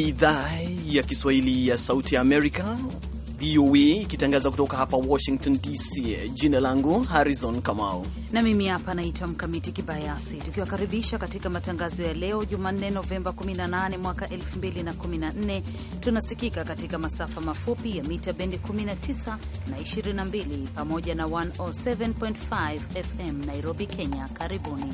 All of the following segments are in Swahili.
ni idhaa ya Kiswahili ya Sauti ya Amerika, VOA, ikitangaza kutoka hapa Washington DC. Jina langu Harrison Kamau na mimi hapa naitwa Mkamiti Kibayasi, tukiwakaribisha katika matangazo ya leo Jumanne, Novemba 18 mwaka 2014. Tunasikika katika masafa mafupi ya mita bendi 19 na 22 pamoja na 107.5 FM Nairobi, Kenya. Karibuni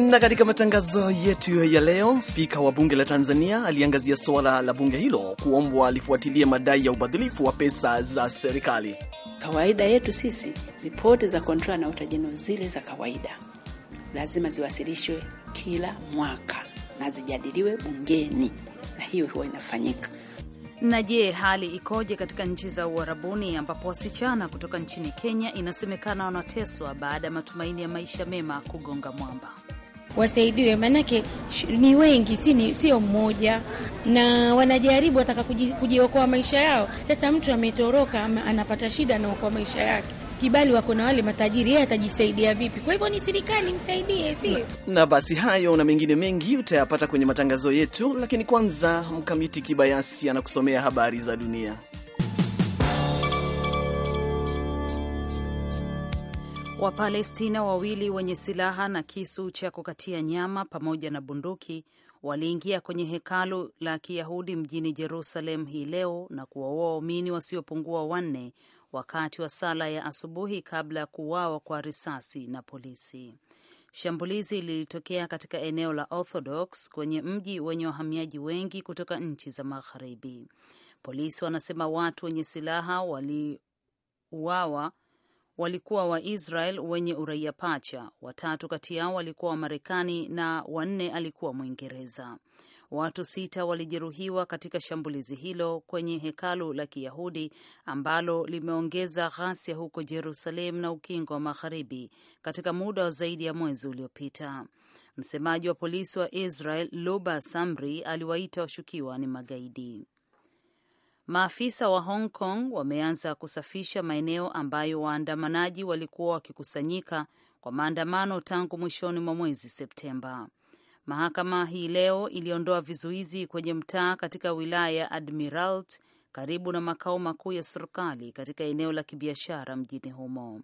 Na katika matangazo yetu ya leo, spika wa bunge la Tanzania aliangazia suala la bunge hilo kuombwa alifuatilie madai ya ubadhilifu wa pesa za serikali. Kawaida yetu sisi, ripoti za kontrola na utajeno zile za kawaida lazima ziwasilishwe kila mwaka na zijadiliwe bungeni, na hiyo huwa inafanyika. Na je, hali ikoje katika nchi za Uarabuni ambapo wasichana kutoka nchini Kenya inasemekana wanateswa baada ya matumaini ya maisha mema kugonga mwamba? wasaidiwe, maanake ni wengi, si sio mmoja, na wanajaribu wataka kujiokoa maisha yao. Sasa mtu ametoroka, anapata shida, anaokoa maisha yake kibali wako na wale matajiri, yeye atajisaidia vipi? Kwa hivyo ni serikali msaidie, na, na. Basi hayo na mengine mengi utayapata kwenye matangazo yetu, lakini kwanza Mkamiti Kibayasi anakusomea habari za dunia. Wapalestina wawili wenye silaha na kisu cha kukatia nyama pamoja na bunduki waliingia kwenye hekalu la Kiyahudi mjini Jerusalem hii leo na kuwaua waumini wasiopungua wanne wakati wa sala ya asubuhi kabla ya kuuawa kwa risasi na polisi. Shambulizi lilitokea katika eneo la Orthodox kwenye mji wenye wahamiaji wengi kutoka nchi za Magharibi. Polisi wanasema watu wenye silaha waliuawa walikuwa Waisrael wenye uraia pacha, watatu kati yao walikuwa Wamarekani na wanne alikuwa Mwingereza. Watu sita walijeruhiwa katika shambulizi hilo kwenye hekalu la Kiyahudi ambalo limeongeza ghasia huko Jerusalem na Ukingo wa Magharibi katika muda wa zaidi ya mwezi uliopita. Msemaji wa polisi wa Israel Luba Samri aliwaita washukiwa ni magaidi. Maafisa wa Hong Kong wameanza kusafisha maeneo ambayo waandamanaji walikuwa wakikusanyika kwa maandamano tangu mwishoni mwa mwezi Septemba. Mahakama hii leo iliondoa vizuizi kwenye mtaa katika wilaya ya Admiralty karibu na makao makuu ya serikali katika eneo la kibiashara mjini humo.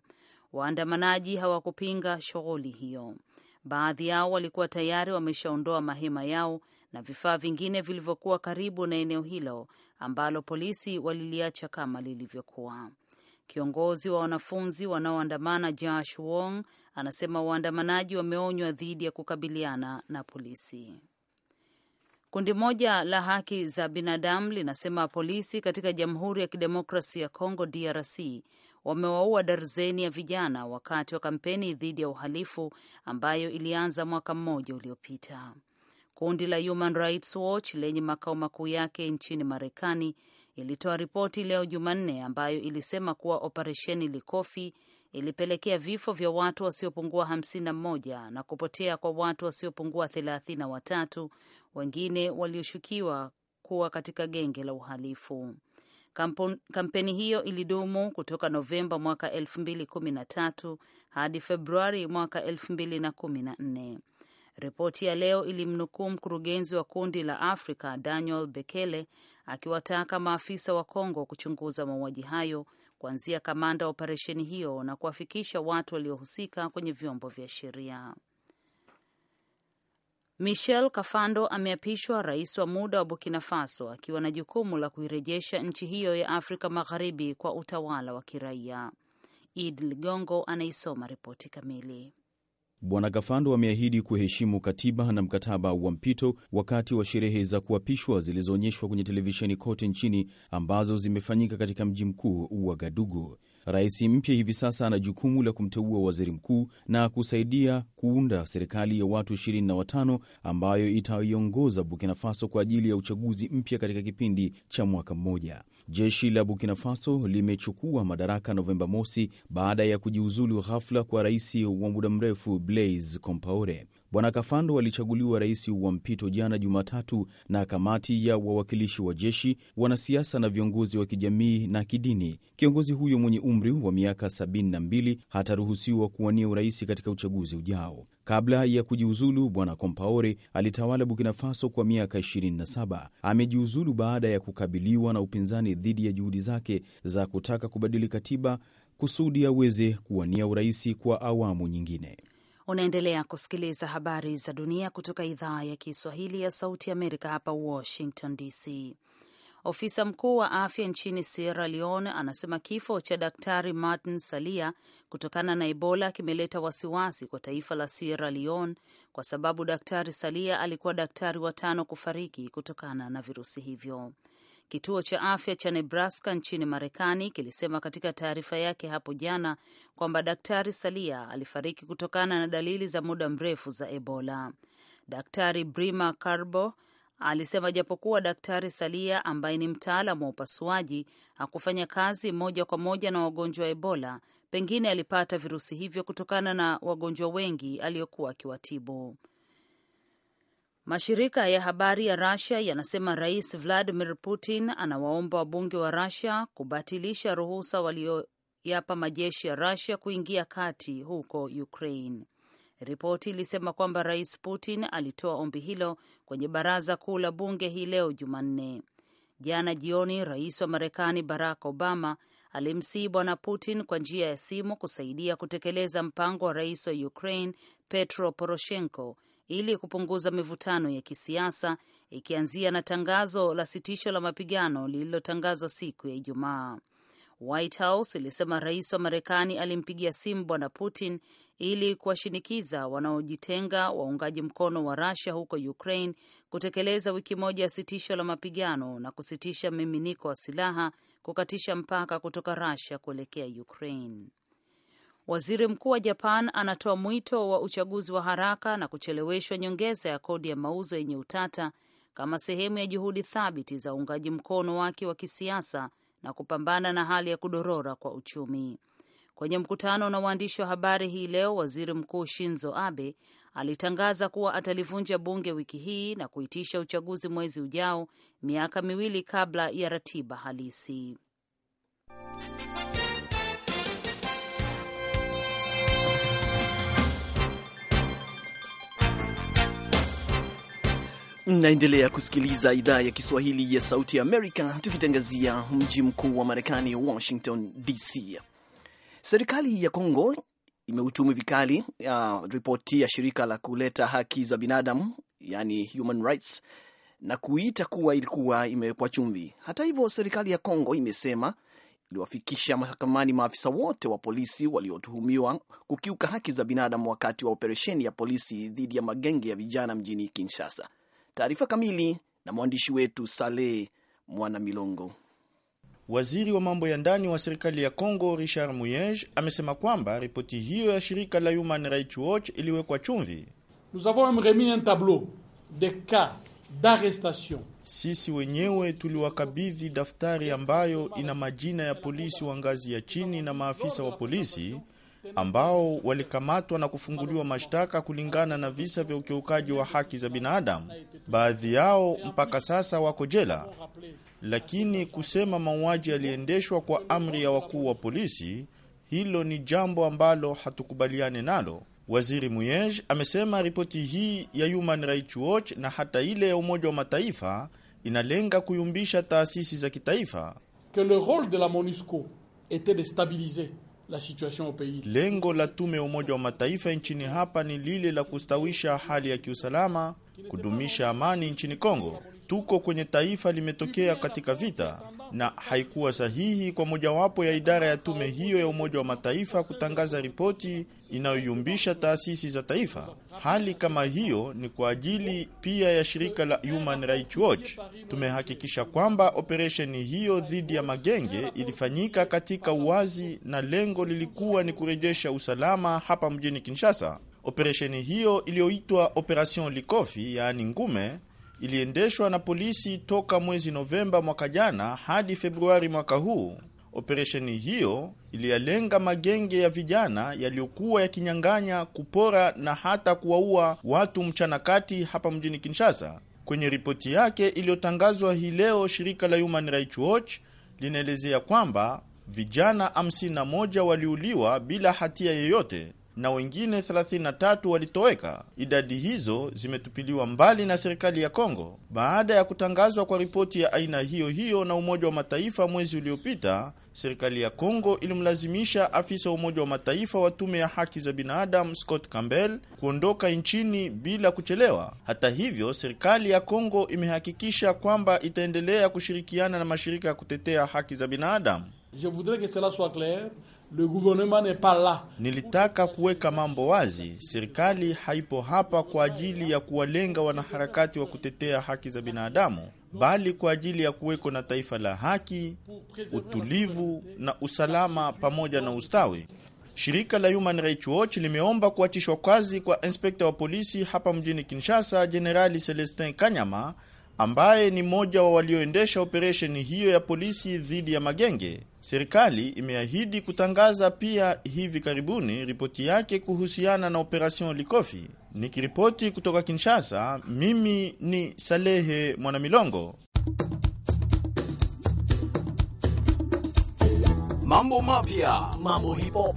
Waandamanaji hawakupinga shughuli hiyo. Baadhi yao walikuwa tayari wameshaondoa mahema yao na vifaa vingine vilivyokuwa karibu na eneo hilo ambalo polisi waliliacha kama lilivyokuwa. Kiongozi wa wanafunzi wanaoandamana Josh Wong anasema waandamanaji wameonywa dhidi ya kukabiliana na polisi. Kundi moja la haki za binadamu linasema polisi katika Jamhuri ya Kidemokrasi ya Kongo DRC wamewaua darzeni ya vijana wakati wa kampeni dhidi ya uhalifu ambayo ilianza mwaka mmoja uliopita. Kundi la Human Rights Watch lenye makao makuu yake nchini Marekani ilitoa ripoti leo Jumanne ambayo ilisema kuwa operesheni Likofi ilipelekea vifo vya watu wasiopungua 51 na kupotea kwa watu wasiopungua 33, wengine walioshukiwa kuwa katika genge la uhalifu. kampeni hiyo ilidumu kutoka Novemba mwaka 2013 hadi Februari mwaka 2014. Ripoti ya leo ilimnukuu mkurugenzi wa kundi la Afrika Daniel Bekele akiwataka maafisa wa Kongo kuchunguza mauaji hayo kuanzia kamanda wa operesheni hiyo na kuwafikisha watu waliohusika kwenye vyombo vya sheria. Michel Kafando ameapishwa rais wa muda wa Burkina Faso akiwa na jukumu la kuirejesha nchi hiyo ya Afrika Magharibi kwa utawala wa kiraia. Id Ligongo anaisoma ripoti kamili. Bwana Gafando ameahidi kuheshimu katiba na mkataba wa mpito wakati wa sherehe za kuapishwa zilizoonyeshwa kwenye televisheni kote nchini ambazo zimefanyika katika mji mkuu wa gadugu Rais mpya hivi sasa ana jukumu la kumteua waziri mkuu na kusaidia kuunda serikali ya watu 25 ambayo itaiongoza Burkina Faso kwa ajili ya uchaguzi mpya katika kipindi cha mwaka mmoja. Jeshi la Burkina Faso limechukua madaraka Novemba mosi baada ya kujiuzulu ghafla kwa rais wa muda mrefu Blaise Compaore. Bwana Kafando alichaguliwa rais wa mpito jana Jumatatu na kamati ya wawakilishi wa jeshi, wanasiasa na viongozi wa kijamii na kidini. Kiongozi huyo mwenye umri wa miaka 72 hataruhusiwa kuwania urais katika uchaguzi ujao. Kabla ya kujiuzulu, Bwana Kompaore alitawala Burkina Faso kwa miaka 27. Amejiuzulu baada ya kukabiliwa na upinzani dhidi ya juhudi zake za kutaka kubadili katiba kusudi aweze kuwania urais kwa awamu nyingine. Unaendelea kusikiliza habari za dunia kutoka idhaa ya Kiswahili ya Sauti Amerika, hapa Washington DC. Ofisa mkuu wa afya nchini Sierra Leone anasema kifo cha Daktari Martin Salia kutokana na Ebola kimeleta wasiwasi kwa taifa la Sierra Leone kwa sababu Daktari Salia alikuwa daktari wa tano kufariki kutokana na virusi hivyo. Kituo cha afya cha Nebraska nchini Marekani kilisema katika taarifa yake hapo jana kwamba daktari salia alifariki kutokana na dalili za muda mrefu za Ebola. Daktari Brima carbo alisema japokuwa daktari salia ambaye ni mtaalam wa upasuaji hakufanya kazi moja kwa moja na wagonjwa wa Ebola, pengine alipata virusi hivyo kutokana na wagonjwa wengi aliyokuwa akiwatibu. Mashirika ya habari ya Russia yanasema Rais Vladimir Putin anawaomba wabunge wa Russia kubatilisha ruhusa walioyapa majeshi ya Russia kuingia kati huko Ukraine. Ripoti ilisema kwamba Rais Putin alitoa ombi hilo kwenye baraza kuu la bunge hii leo Jumanne. Jana jioni, Rais wa Marekani Barack Obama alimsihi Bwana Putin kwa njia ya simu kusaidia kutekeleza mpango wa Rais wa Ukraine Petro Poroshenko ili kupunguza mivutano ya kisiasa, ikianzia na tangazo la sitisho la mapigano lililotangazwa siku ya Ijumaa. White House ilisema rais wa Marekani alimpigia simu Bwana Putin ili kuwashinikiza wanaojitenga waungaji mkono wa Russia huko Ukraine kutekeleza wiki moja ya sitisho la mapigano na kusitisha miminiko wa silaha kukatisha mpaka kutoka Russia kuelekea Ukraine. Waziri mkuu wa Japan anatoa mwito wa uchaguzi wa haraka na kucheleweshwa nyongeza ya kodi ya mauzo yenye utata kama sehemu ya juhudi thabiti za uungaji mkono wake wa kisiasa na kupambana na hali ya kudorora kwa uchumi. Kwenye mkutano na waandishi wa habari hii leo, waziri mkuu Shinzo Abe alitangaza kuwa atalivunja bunge wiki hii na kuitisha uchaguzi mwezi ujao, miaka miwili kabla ya ratiba halisi. naendelea kusikiliza idhaa ya Kiswahili ya Sauti ya Amerika, tukitangazia mji mkuu wa Marekani, Washington DC. Serikali ya Kongo imeutumi vikali uh, ripoti ya shirika la kuleta haki za binadamu yani Human Rights na kuita kuwa ilikuwa imewekwa chumvi. Hata hivyo, serikali ya Kongo imesema iliwafikisha mahakamani maafisa wote wa polisi waliotuhumiwa kukiuka haki za binadamu wakati wa operesheni ya polisi dhidi ya magenge ya vijana mjini Kinshasa. Taarifa kamili na mwandishi wetu Saleh Mwana Milongo. Waziri wa mambo ya ndani wa serikali ya Congo Richard muyege amesema kwamba ripoti hiyo ya shirika la Human Rights Watch iliwekwa chumvi. Nous avons remis un tableau cas d'arrestation sisi wenyewe tuliwakabidhi daftari ambayo ina majina ya polisi wa ngazi ya chini na maafisa wa polisi ambao walikamatwa na kufunguliwa mashtaka kulingana na visa vya ukiukaji wa haki za binadamu. Baadhi yao mpaka sasa wako jela, lakini kusema mauaji yaliendeshwa kwa amri ya wakuu wa polisi, hilo ni jambo ambalo hatukubaliane nalo. Waziri Muyej amesema ripoti hii ya Human Rights Watch na hata ile ya Umoja wa Mataifa inalenga kuyumbisha taasisi za kitaifa. Que le de la MONUSCO était de stabiliser la situation au pays. Lengo la tume ya Umoja wa Mataifa nchini hapa ni lile la kustawisha hali ya kiusalama, kudumisha amani nchini Kongo tuko kwenye taifa limetokea katika vita, na haikuwa sahihi kwa mojawapo ya idara ya tume hiyo ya Umoja wa Mataifa kutangaza ripoti inayoyumbisha taasisi za taifa. Hali kama hiyo ni kwa ajili pia ya shirika la Human Rights Watch. Tumehakikisha kwamba operesheni hiyo dhidi ya magenge ilifanyika katika uwazi na lengo lilikuwa ni kurejesha usalama hapa mjini Kinshasa. Operesheni hiyo iliyoitwa Operation Likofi, yaani ngume iliendeshwa na polisi toka mwezi Novemba mwaka jana hadi Februari mwaka huu. Operesheni hiyo iliyalenga magenge ya vijana yaliyokuwa yakinyang'anya, kupora na hata kuwaua watu mchana kati hapa mjini Kinshasa. Kwenye ripoti yake iliyotangazwa hii leo, shirika la Human Rights Watch linaelezea kwamba vijana 51 waliuliwa bila hatia yeyote na wengine 33 walitoweka. Idadi hizo zimetupiliwa mbali na serikali ya Kongo baada ya kutangazwa kwa ripoti ya aina hiyo hiyo na Umoja wa Mataifa mwezi uliopita. Serikali ya Kongo ilimlazimisha afisa wa Umoja wa Mataifa wa tume ya haki za binadamu Scott Campbell kuondoka nchini bila kuchelewa. Hata hivyo, serikali ya Kongo imehakikisha kwamba itaendelea kushirikiana na mashirika ya kutetea haki za binadamu. Je voudrais que cela soit clair Le gouvernement n'est pas Nilitaka kuweka mambo wazi. Serikali haipo hapa kwa ajili ya kuwalenga wanaharakati wa kutetea haki za binadamu, bali kwa ajili ya kuweko na taifa la haki, utulivu na usalama pamoja na ustawi. Shirika la Human Rights Watch limeomba kuachishwa kazi kwa inspekta wa polisi hapa mjini Kinshasa, Jenerali Celestin Kanyama ambaye ni mmoja wa walioendesha operesheni hiyo ya polisi dhidi ya magenge. Serikali imeahidi kutangaza pia hivi karibuni ripoti yake kuhusiana na operesheni Likofi. Nikiripoti kutoka Kinshasa, mimi ni Salehe Mwanamilongo. Mambo mapya, mambo hip hop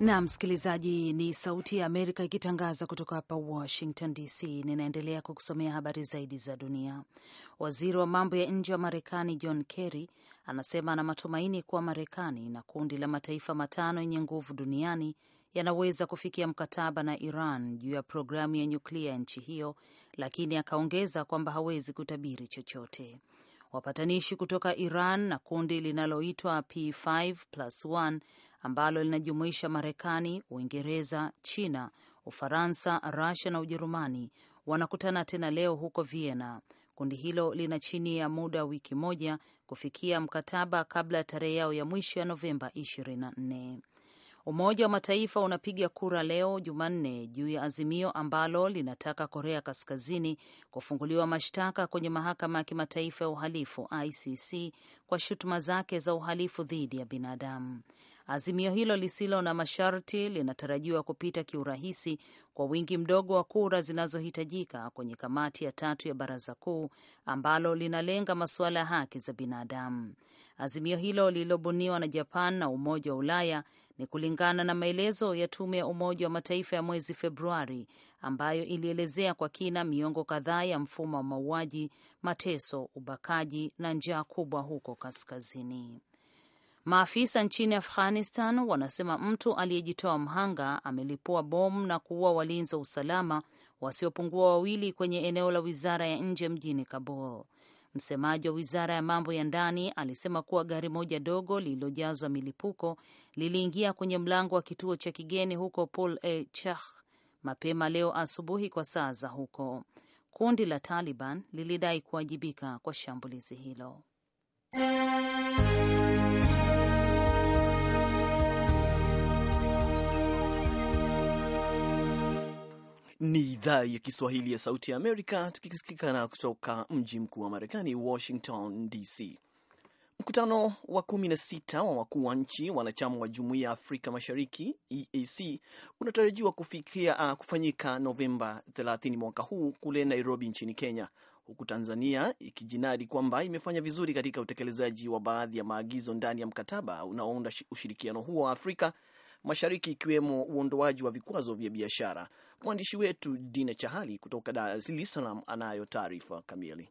na msikilizaji, ni Sauti ya Amerika ikitangaza kutoka hapa Washington DC. Ninaendelea kukusomea habari zaidi za dunia. Waziri wa mambo ya nje wa Marekani John Kerry anasema ana matumaini kuwa Marekani na kundi la mataifa matano yenye nguvu duniani yanaweza kufikia mkataba na Iran juu ya programu ya nyuklia ya nchi hiyo, lakini akaongeza kwamba hawezi kutabiri chochote. Wapatanishi kutoka Iran na kundi linaloitwa P5 ambalo linajumuisha Marekani, Uingereza, China, Ufaransa, rasia na Ujerumani wanakutana tena leo huko Vienna. Kundi hilo lina chini ya muda wiki moja kufikia mkataba kabla ya tarehe yao ya mwisho ya Novemba 24. Umoja wa Mataifa unapiga kura leo Jumanne juu ya azimio ambalo linataka Korea Kaskazini kufunguliwa mashtaka kwenye mahakama ya kimataifa ya uhalifu ICC kwa shutuma zake za uhalifu dhidi ya binadamu. Azimio hilo lisilo na masharti linatarajiwa kupita kiurahisi kwa wingi mdogo wa kura zinazohitajika kwenye kamati ya tatu ya baraza kuu ambalo linalenga masuala ya haki za binadamu. Azimio hilo lililobuniwa na Japan na Umoja wa Ulaya ni kulingana na maelezo ya Tume ya Umoja wa Mataifa ya mwezi Februari ambayo ilielezea kwa kina miongo kadhaa ya mfumo wa mauaji, mateso, ubakaji na njaa kubwa huko kaskazini. Maafisa nchini Afghanistan wanasema mtu aliyejitoa mhanga amelipua bomu na kuua walinzi wa usalama wasiopungua wawili kwenye eneo la wizara ya nje mjini Kabul. Msemaji wa wizara ya mambo ya ndani alisema kuwa gari moja dogo lililojazwa milipuko liliingia kwenye mlango wa kituo cha kigeni huko Pul e Chah mapema leo asubuhi kwa saa za huko. Kundi la Taliban lilidai kuwajibika kwa shambulizi hilo. Ni idhaa ya Kiswahili ya Sauti ya Amerika, tukisikikana kutoka mji mkuu wa Marekani, Washington DC. Mkutano wa sita wa wakuu wa nchi wanachama wa Jumuiya ya Afrika Mashariki EAC unatarajiwa kufikia, uh, kufanyika Novemba 30 mwaka huu kule Nairobi nchini Kenya, huku Tanzania ikijinadi kwamba imefanya vizuri katika utekelezaji wa baadhi ya maagizo ndani ya mkataba unaounda ushirikiano huo wa Afrika Mashariki, ikiwemo uondoaji wa vikwazo vya biashara Mwandishi wetu Dina Chahali kutoka Dar es Salaam anayo taarifa kamili.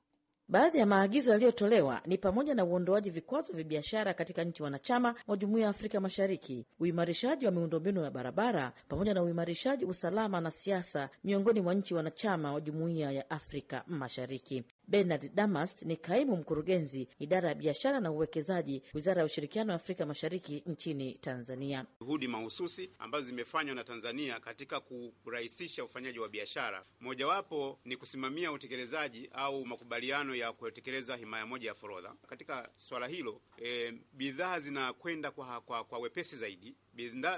Baadhi ya maagizo yaliyotolewa ni pamoja na uondoaji vikwazo vya biashara katika nchi wanachama wa Jumuiya ya Afrika Mashariki, uimarishaji wa miundombinu ya barabara, pamoja na uimarishaji usalama na siasa miongoni mwa nchi wanachama wa Jumuiya ya Afrika Mashariki. Bernard Damas ni kaimu mkurugenzi idara ya biashara na uwekezaji, Wizara ya Ushirikiano wa Afrika Mashariki nchini Tanzania. Juhudi mahususi ambazo zimefanywa na Tanzania katika kurahisisha ufanyaji wa biashara, mojawapo ni kusimamia utekelezaji au makubaliano ya kutekeleza himaya moja ya forodha. Katika swala hilo e, bidhaa zinakwenda kwa, kwa, kwa wepesi zaidi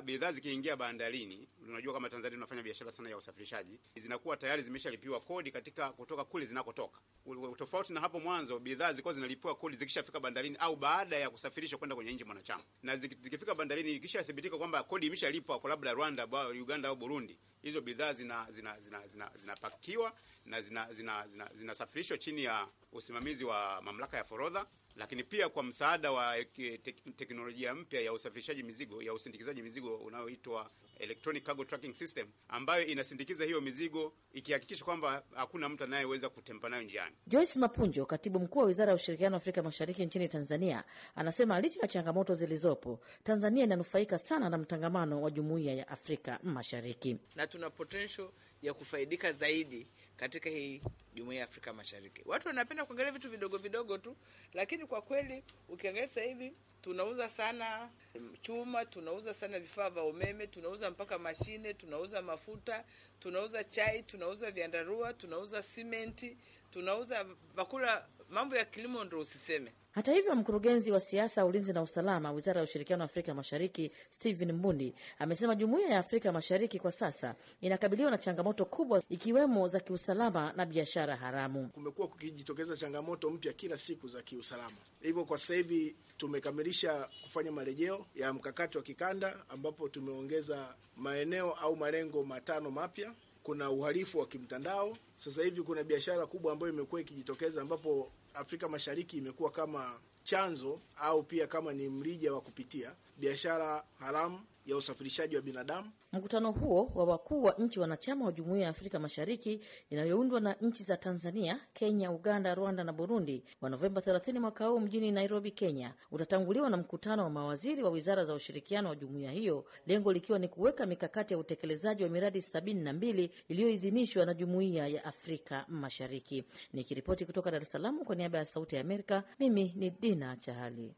bidhaa zikiingia bandarini, unajua kama Tanzania tunafanya biashara sana ya usafirishaji, zinakuwa tayari zimeshalipiwa kodi katika kutoka kule zinakotoka tofauti na hapo mwanzo, bidhaa zilikuwa zinalipiwa kodi zikishafika bandarini au baada ya kusafirishwa kwenda kwenye nchi mwanachama, na zikifika bandarini ikishathibitika kwamba kodi imeshalipwa kwa labda Rwanda, Uganda au Burundi, hizo bidhaa zinapakiwa zina, zina, zina, zina na zinasafirishwa zina, zina, zina chini ya usimamizi wa mamlaka ya forodha, lakini pia kwa msaada wa teknolojia mpya ya usafirishaji mizigo ya usindikizaji mizigo unaoitwa electronic cargo tracking system, ambayo inasindikiza hiyo mizigo ikihakikisha kwamba hakuna mtu anayeweza kutempa nayo njiani. Joyce Mapunjo, katibu mkuu wa Wizara ya Ushirikiano Afrika Mashariki nchini Tanzania, anasema licha ya changamoto zilizopo, Tanzania inanufaika sana na mtangamano wa Jumuiya ya Afrika Mashariki na tuna potential ya kufaidika zaidi katika hii jumuiya ya Afrika Mashariki. Watu wanapenda kuangalia vitu vidogo vidogo tu, lakini kwa kweli ukiangalia sasa hivi tunauza sana chuma, tunauza sana vifaa vya umeme, tunauza mpaka mashine, tunauza mafuta, tunauza chai, tunauza vyandarua, tunauza simenti, tunauza vyakula mambo ya kilimo ndo usiseme. Hata hivyo, mkurugenzi wa siasa, ulinzi na usalama, wizara ya ushirikiano wa Afrika Mashariki, Stephen Mbundi amesema jumuiya ya Afrika Mashariki kwa sasa inakabiliwa na changamoto kubwa ikiwemo za kiusalama na biashara haramu. Kumekuwa kukijitokeza changamoto mpya kila siku za kiusalama, hivyo kwa sasa hivi tumekamilisha kufanya marejeo ya mkakati wa kikanda ambapo tumeongeza maeneo au malengo matano mapya kuna uhalifu wa kimtandao. Sasa hivi kuna biashara kubwa ambayo imekuwa ikijitokeza, ambapo Afrika Mashariki imekuwa kama chanzo au pia kama ni mrija wa kupitia biashara haramu ya usafirishaji wa binadamu. Mkutano huo wa wakuu wa nchi wanachama wa Jumuiya ya Afrika Mashariki inayoundwa na nchi za Tanzania, Kenya, Uganda, Rwanda na Burundi wa Novemba 30 mwaka huu mjini Nairobi, Kenya, utatanguliwa na mkutano wa mawaziri wa wizara za ushirikiano wa jumuiya hiyo, lengo likiwa ni kuweka mikakati ya utekelezaji wa miradi 72 iliyoidhinishwa na Jumuiya ya Afrika Mashariki. Nikiripoti kutoka Dar es Salaam kwa niaba ya Sauti ya Amerika, mimi ni Dina Chahali.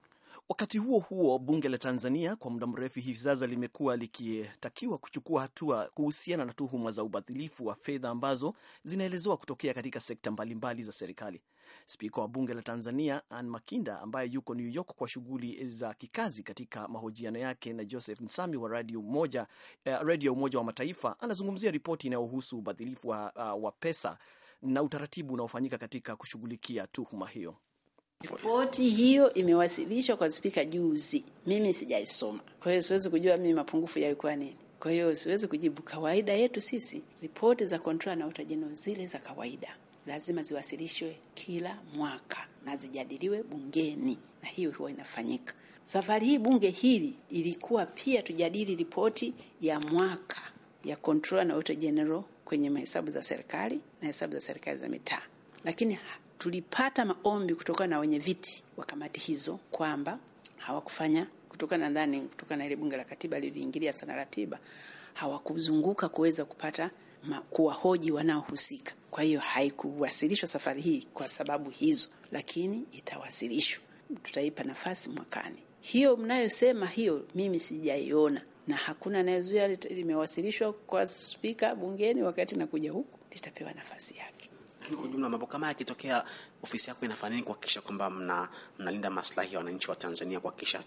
Wakati huo huo, bunge la Tanzania kwa muda mrefu hivi sasa limekuwa likitakiwa kuchukua hatua kuhusiana na tuhuma za ubadhilifu wa fedha ambazo zinaelezewa kutokea katika sekta mbalimbali za serikali. Spika wa bunge la Tanzania Ann Makinda, ambaye yuko New York kwa shughuli za kikazi, katika mahojiano yake na Joseph Msami wa radio Umoja, eh, radio Umoja wa Mataifa, anazungumzia ripoti inayohusu ubadhilifu wa, uh, wa pesa na utaratibu unaofanyika katika kushughulikia tuhuma hiyo. Ripoti hiyo imewasilishwa kwa spika juzi, mimi sijaisoma, kwa hiyo siwezi kujua mimi mapungufu yalikuwa nini. Kwa hiyo siwezi kujibu. Kawaida yetu sisi, ripoti za controller na utajeno zile za kawaida lazima ziwasilishwe kila mwaka na zijadiliwe bungeni, na hiyo huwa inafanyika. Safari hii bunge hili ilikuwa pia tujadili ripoti ya mwaka ya kontrola na auditor general kwenye mahesabu za serikali na hesabu za serikali za mitaa, lakini tulipata maombi kutoka na wenye viti wa kamati hizo kwamba hawakufanya kutokana, nadhani kutokana ile bunge la katiba liliingilia sana ratiba, hawakuzunguka kuweza kupata kuwahoji wanaohusika. Kwa hiyo haikuwasilishwa safari hii kwa sababu hizo, lakini itawasilishwa, tutaipa nafasi mwakani. Hiyo mnayosema hiyo, mimi sijaiona na hakuna anayezuia limewasilishwa kwa spika bungeni, wakati nakuja huku litapewa nafasi yake. Lakini kwa ujumla mambo kama yakitokea, ofisi yako inafanya nini kuhakikisha kwamba mna, mnalinda maslahi ya wananchi wa Tanzania, kuhakikisha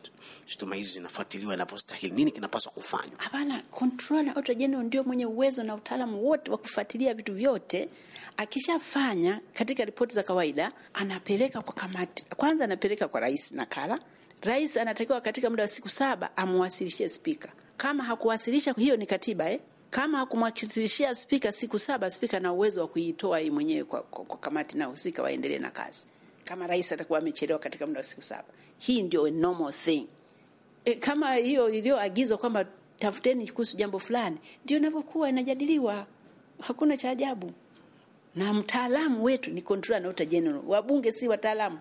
shutuma hizi zinafuatiliwa inavyostahili? Nini kinapaswa kufanywa? Hapana, controller au general ndio mwenye uwezo na utaalamu wote wa kufuatilia vitu vyote. Akishafanya katika ripoti za kawaida, anapeleka kwa kamati. Kwanza anapeleka kwa rais nakala. Rais anatakiwa katika muda wa siku saba amwasilishie spika. Kama hakuwasilisha, hiyo ni katiba eh? kama kumwakilishia spika siku saba, spika na uwezo wa kuitoa yeye mwenyewe kwa, kwa, kwa kamati na husika waendelee na kazi, kama rais atakuwa amechelewa katika muda wa siku saba. Hii ndio normal thing e, kama hiyo iliyoagizwa kwamba tafuteni kuhusu jambo fulani, ndio inavyokuwa inajadiliwa. Hakuna cha ajabu, na mtaalamu wetu ni controller na utajenerali. Wabunge si wataalamu.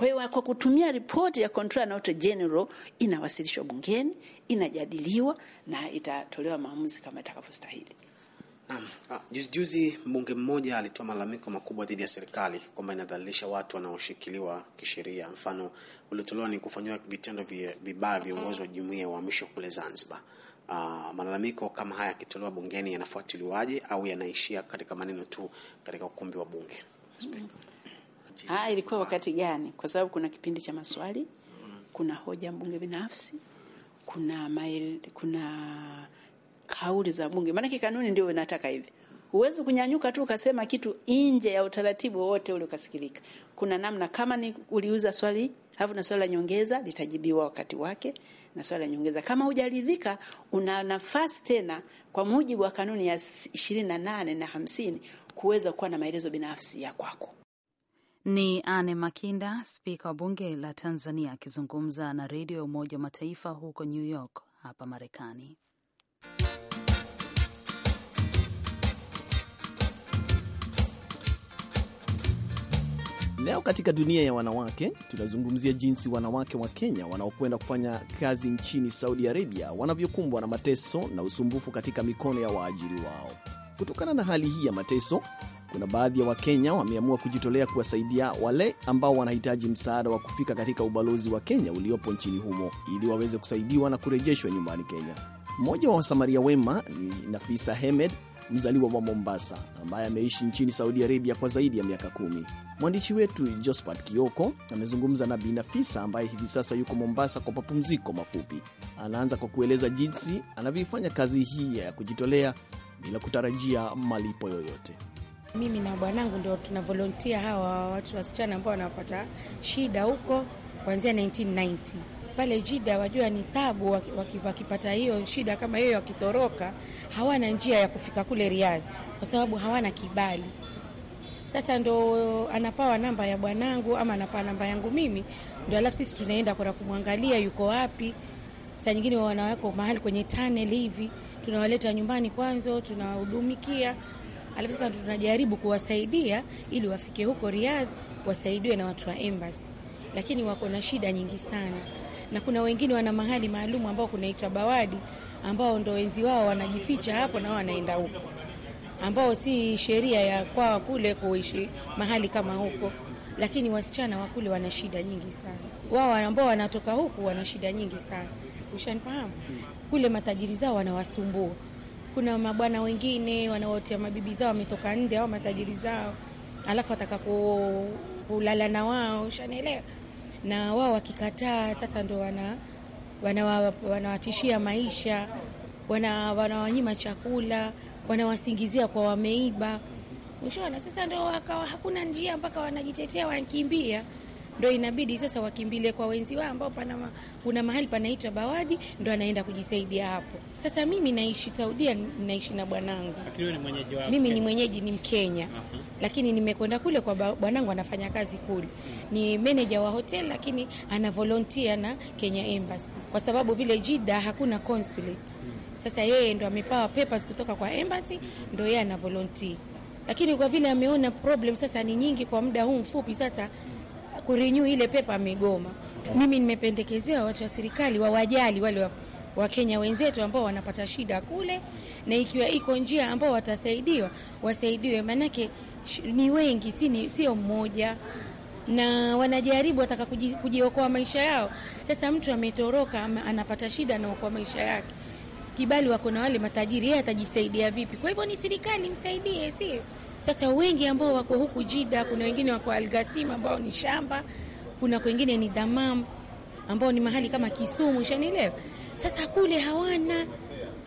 Kwa hiyo kwa kutumia ripoti ya Controller Auditor General inawasilishwa bungeni, inajadiliwa na itatolewa maamuzi kama itakavyostahili. Naam, ah, juzi juzi mbunge mmoja alitoa malalamiko makubwa dhidi ya serikali kwamba inadhalilisha watu wanaoshikiliwa kisheria. Mfano uliotolewa ni kufanyiwa vitendo vibaya viongozi wa jumuiya ya uhamisho kule Zanzibar. Uh, malalamiko kama haya yakitolewa bungeni yanafuatiliwaje au yanaishia katika maneno tu katika ukumbi wa bunge? mm -hmm. Ah, ilikuwa ah. wakati gani? Kwa sababu kuna kipindi cha maswali, kuna hoja mbunge binafsi, kuna mail, kuna kauli za bunge. Maana kanuni ndio inataka hivi. Huwezi kunyanyuka tu ukasema kitu nje ya utaratibu wote ule ukasikilika. Kuna namna kama ni uliuza swali, alafu na swali la nyongeza litajibiwa wakati wake na swali la nyongeza. Kama hujaridhika una nafasi tena kwa mujibu wa kanuni ya ishirini na nane na hamsini kuweza kuwa na maelezo binafsi ya kwako. Ni Anne Makinda, spika wa bunge la Tanzania, akizungumza na redio ya Umoja wa Mataifa huko New York hapa Marekani. Leo katika dunia ya wanawake tunazungumzia jinsi wanawake wa Kenya wanaokwenda kufanya kazi nchini Saudi Arabia wanavyokumbwa na mateso na usumbufu katika mikono ya waajiri wao. Kutokana na hali hii ya mateso, kuna baadhi ya Wakenya wameamua kujitolea kuwasaidia wale ambao wanahitaji msaada wa kufika katika ubalozi wa Kenya uliopo nchini humo ili waweze kusaidiwa na kurejeshwa nyumbani Kenya. Mmoja wa wasamaria wema ni Nafisa Hemed, mzaliwa wa Mombasa, ambaye ameishi nchini Saudi Arabia kwa zaidi ya miaka kumi. Mwandishi wetu Josphat Kioko amezungumza na Binafisa Nafisa ambaye hivi sasa yuko Mombasa kwa mapumziko mafupi. Anaanza kwa kueleza jinsi anavyoifanya kazi hii ya kujitolea bila kutarajia malipo yoyote. Mimi na bwanangu ndio tuna volontia hawa watu wasichana ambao wanapata shida huko kuanzia 1990 pale Jida, wajua ni tabu wakipata hiyo shida kama hiyo, wakitoroka hawana njia ya kufika kule Riyadh kwa sababu hawana kibali. Sasa ndo anapawa namba ya bwanangu ama anapawa namba yangu mimi, ndo alafu sisi tunaenda kwenda kumwangalia yuko wapi. Saa nyingine wanawako mahali kwenye tunnel hivi, tunawaleta nyumbani kwanza, tunawahudumikia alafu sasa tunajaribu kuwasaidia ili wafike huko Riyadh, wasaidiwe na watu wa embassy, lakini wako na shida nyingi sana, na kuna wengine wana mahali maalum ambao kunaitwa bawadi, ambao ndo wenzi wao wanajificha hapo na wanaenda huko, ambao si sheria ya kwao kule kuishi mahali kama huko lakini wasichana wa kule wana shida nyingi sana. Wao ambao wanatoka huku wana shida nyingi sana, ushanifahamu. Kule matajiri zao wanawasumbua, kuna mabwana wengine wanaotia mabibi zao wametoka nje au matajiri zao, alafu wataka kulala na wao, ushanielewa? Na wao wakikataa, sasa ndo wana wanawatishia wana maisha, wanawanyima wana chakula, wanawasingizia kwa wameiba, ushona. Sasa ndo wakawa hakuna njia, mpaka wanajitetea, wankimbia ndo inabidi sasa wakimbilie kwa wenzi wao ambao pana kuna mahali panaitwa Bawadi, ndo anaenda kujisaidia hapo. Sasa mimi naishi Saudia, naishi na bwanangu. Lakini ni mwenyeji Mimi ni mwenyeji, ni Mkenya. Uh -huh. Lakini nimekwenda kule kwa bwanangu, anafanya kazi kule. Hmm. Ni manager wa hotel, lakini ana volunteer na Kenya Embassy kwa sababu vile Jida hakuna consulate. Hmm. Sasa yeye ndo amepawa papers kutoka kwa embassy, hmm. ndo yeye ana volunteer, lakini kwa vile ameona problem sasa ni nyingi kwa muda huu mfupi sasa hmm kurenew ile pepa amegoma. Mimi nimependekezea watu wa serikali wawajali wale wa Wakenya wenzetu ambao wanapata shida kule, na ikiwa iko njia ambao watasaidiwa wasaidiwe, maanake ni wengi, sio mmoja, na wanajaribu wataka kujiokoa maisha yao. Sasa mtu ametoroka anapata shida, anaokoa maisha yake, kibali wako na wale matajiri, yeye atajisaidia vipi? Kwa hivyo ni serikali msaidie, sio sasa wengi ambao wako huku Jida, kuna wengine wako Algasim ambao ni shamba, kuna kwengine ni Damam ambao ni mahali kama Kisumu, shanielewa. Sasa kule hawana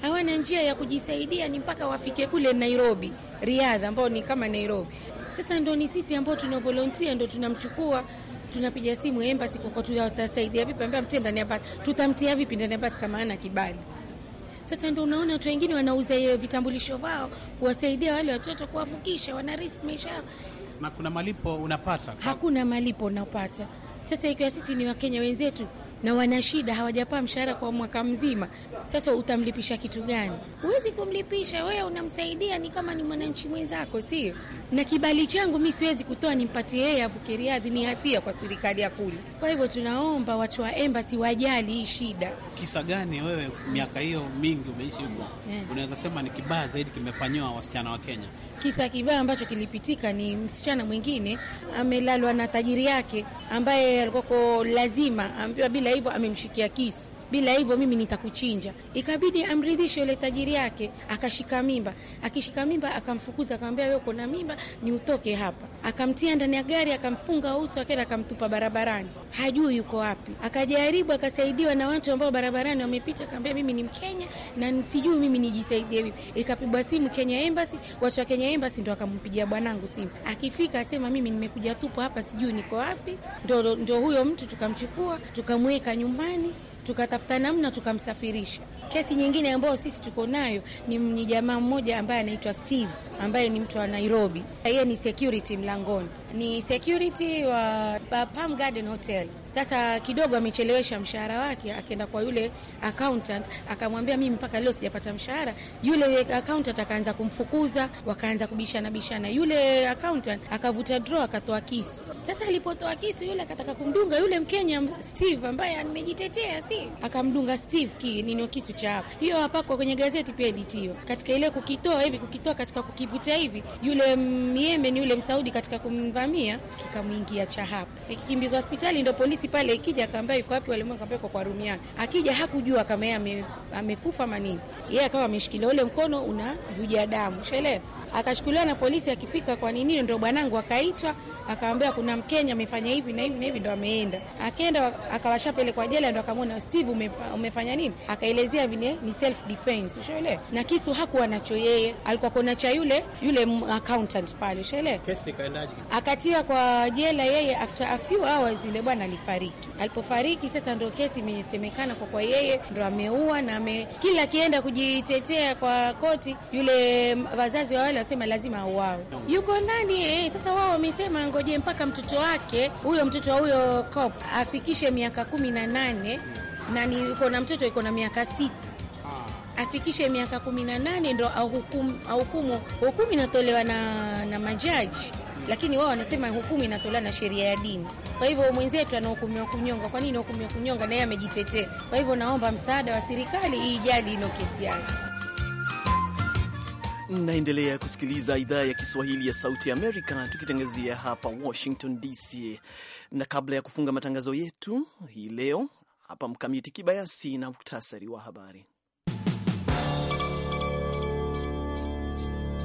hawana njia ya kujisaidia, ni mpaka wafike kule Nairobi, Riadha ambao ni kama Nairobi. Sasa ndo ni sisi ambao tuna volunteer, ndo tunamchukua tunapiga simu embassy kwa kwa tunawasaidia vipi, ambaye mtie ndani ya basi, tutamtia vipi ndani ya basi kama ana kibali sasa ndio unaona watu wengine wanauza vitambulisho vao kuwasaidia wale watoto kuwavukisha, wana risk maisha yao. Na kuna malipo unapata? Hakuna malipo unapata. Sasa ikiwa sisi ni Wakenya wenzetu na wana shida, hawajapaa mshahara kwa mwaka mzima. Sasa utamlipisha kitu gani? Huwezi kumlipisha, wewe unamsaidia ni kama ni mwananchi mwenzako, sio? Na kibali changu mi siwezi kutoa nimpatie yeye avuke riadhi, ni hatia kwa serikali ya kuli. Kwa hivyo tunaomba watu wa embassy wajali hii shida. Kisa gani wewe miaka hiyo mingi umeishi huko, yeah, unaweza sema ni kibaya zaidi kimefanyiwa wasichana wa Kenya? Kisa kibaya ambacho kilipitika ni msichana mwingine amelalwa na tajiri yake ambaye alikuwako lazima ambiwa bila hivyo amemshikia é kisu bila hivyo mimi nitakuchinja. Ikabidi amridhishe yule tajiri yake, akashika mimba. Akishika mimba akamfukuza, akamwambia wewe uko na mimba, ni utoke hapa. Akamtia ndani ya gari, akamfunga uso, akaenda akamtupa barabarani, hajui yuko wapi. Akajaribu, akasaidiwa na watu ambao barabarani wamepita, akamwambia mimi ni Mkenya na sijui mimi nijisaidie vipi. Ikapigwa simu Kenya Embassy, watu wa Kenya Embassy ndo akampigia bwanangu simu. Akifika asema mimi nimekuja tupo hapa, sijui niko wapi. Ndo, ndo huyo mtu tukamchukua tukamweka nyumbani tukatafuta namna tukamsafirisha. Kesi nyingine ambayo sisi tuko nayo ni, ni jamaa mmoja ambaye anaitwa Steve ambaye ni mtu wa Nairobi. Yeye ni security mlangoni, ni security wa Palm Garden Hotel sasa kidogo amechelewesha mshahara wake, akaenda kwa yule accountant akamwambia, mimi mpaka leo sijapata mshahara. Yule accountant akaanza kumfukuza, wakaanza kubishana bishana. Yule accountant akavuta draw, akatoa kisu. Sasa alipotoa kisu, yule akataka kumdunga yule Mkenya Steve, ambaye amejitetea, si akamdunga Steve ki nini kisu cha hapa. Hiyo hapa kwa kwenye gazeti pia edit hiyo, katika ile kukitoa hivi, kukitoa katika kukivuta hivi, yule Myemeni yule Msaudi katika kumvamia, kikamwingia cha hapa, ikikimbizwa hospitali, ndio polisi nesi pale ikija akaambia yuko wapi walimu, akaambia kwa kwa Akija hakujua kama yeye amekufa ama nini, yeye akawa ameshikilia ule mkono unavuja damu, shaelewa Akachukuliwa na polisi akifika, kwa nini ndio bwanangu akaitwa, akaambiwa kuna Mkenya amefanya hivi na hivi na hivi, ndo ameenda. Akaenda akawashapelekwa jela, ndo akamwona Steve, umefanya nini? Akaelezea vile ni self defense, ushaelewa. Na kisu hakuwa nacho yeye, alikuwa kona cha yule yule accountant pale, ushaelewa. Kesi ikaendaje? Akatiwa kwa jela yeye, after a few hours yule bwana alifariki. Alipofariki sasa ndo kesi imesemekana kwa kwa yeye ndo ameua na ame, kila akienda kujitetea kwa koti yule wazazi wa wale anasema lazima auawe, yuko ndani eh. Sasa wao wamesema ngoje mpaka mtoto wake huyo mtoto wa huyo cop afikishe miaka kumi na nane na ni yuko na mtoto yuko na miaka sita afikishe miaka kumi na nane ndo ahukumu. Hukumu inatolewa na, na majaji lakini wao wanasema hukumu inatolewa na sheria ya dini. Kwa hivyo mwenzetu anahukumiwa kunyonga. Kwa nini hukumiwa kunyonga na yeye amejitetea? Kwa hivyo naomba msaada wa serikali iijali ino kesi yake naendelea kusikiliza idhaa ya Kiswahili ya Sauti Amerika tukitangazia hapa Washington DC, na kabla ya kufunga matangazo yetu hii leo hapa, Mkamiti Kibayasi na muktasari wa habari.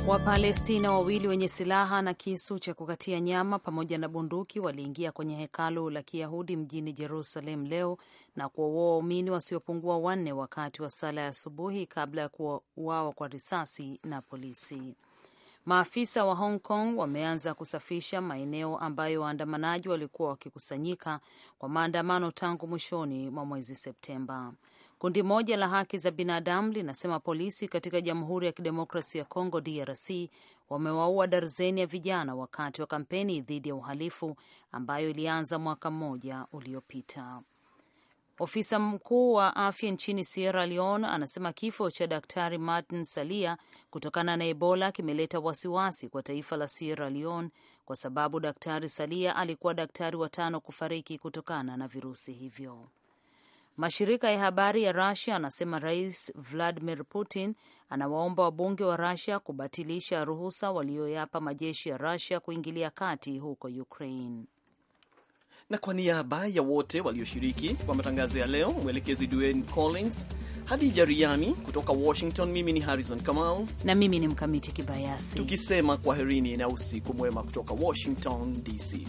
Wapalestina wawili wenye silaha na kisu cha kukatia nyama pamoja na bunduki waliingia kwenye hekalu la Kiyahudi mjini Jerusalem leo na kuwaua waumini wasiopungua wanne wakati wa sala ya asubuhi kabla ya kuuawa kwa risasi na polisi. Maafisa wa Hong Kong wameanza kusafisha maeneo ambayo waandamanaji walikuwa wakikusanyika kwa maandamano tangu mwishoni mwa mwezi Septemba. Kundi moja la haki za binadamu linasema polisi katika Jamhuri ya Kidemokrasi ya Kongo DRC wamewaua darzeni ya vijana wakati wa kampeni dhidi ya uhalifu ambayo ilianza mwaka mmoja uliopita. Ofisa mkuu wa afya nchini Sierra Leone anasema kifo cha Daktari Martin Salia kutokana na Ebola kimeleta wasiwasi kwa taifa la Sierra Leone kwa sababu Daktari Salia alikuwa daktari wa tano kufariki kutokana na virusi hivyo. Mashirika ya habari ya rusia anasema Rais Vladimir Putin anawaomba wabunge wa rusia kubatilisha ruhusa walioyapa majeshi ya rusia kuingilia kati huko Ukraine. Na kwa niaba ya wote walioshiriki kwa matangazo ya leo, mwelekezi Duane Collins, Hadija Riami kutoka Washington, mimi ni Harrison Kamau na mimi ni Mkamiti Kibayasi, tukisema kwaherini na usiku mwema kutoka Washington DC.